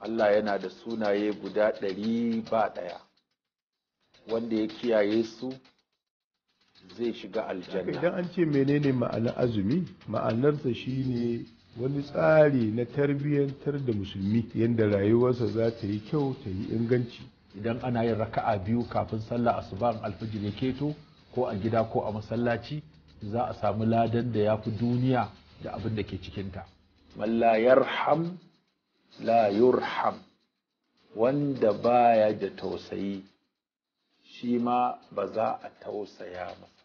Allah yana da sunaye guda ɗari ba ɗaya wanda ya kiyaye su zai shiga aljanna idan an ce menene ma'anar azumi ma'anarsa shine wani tsari na tarbiyyantar da musulmi yadda rayuwarsa za ta yi kyau ta yi inganci idan ana yin raka'a biyu kafin sallah asuba ba ya keto ko a gida ko a masallaci za a samu ladan da ya fi duniya da abin da ke cikinta. Mallayar ham. la yurham wanda baya da tausayi shi ma ba za a tausaya masa